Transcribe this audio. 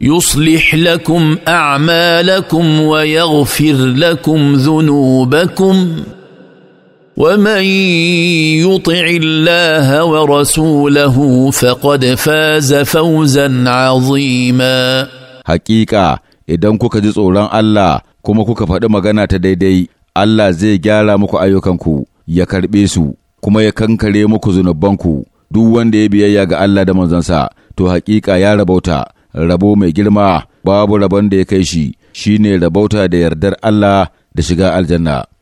يصلح لكم اعمالكم ويغفر لكم ذنوبكم ومن يطع الله ورسوله فقد فاز فوزا عظيما حقيقه idan kuka ji tsoron Allah kuma kuka faɗi magana ta daidai Allah zai gyara muku ayyukanku ya karɓe su kuma ya kankare muku zunubanku duk wanda ya biyayya ga Allah da manzansa to haƙiƙa ya rabauta rabo mai girma babu rabon da ya kai shi shine rabauta da yardar Allah da shiga aljanna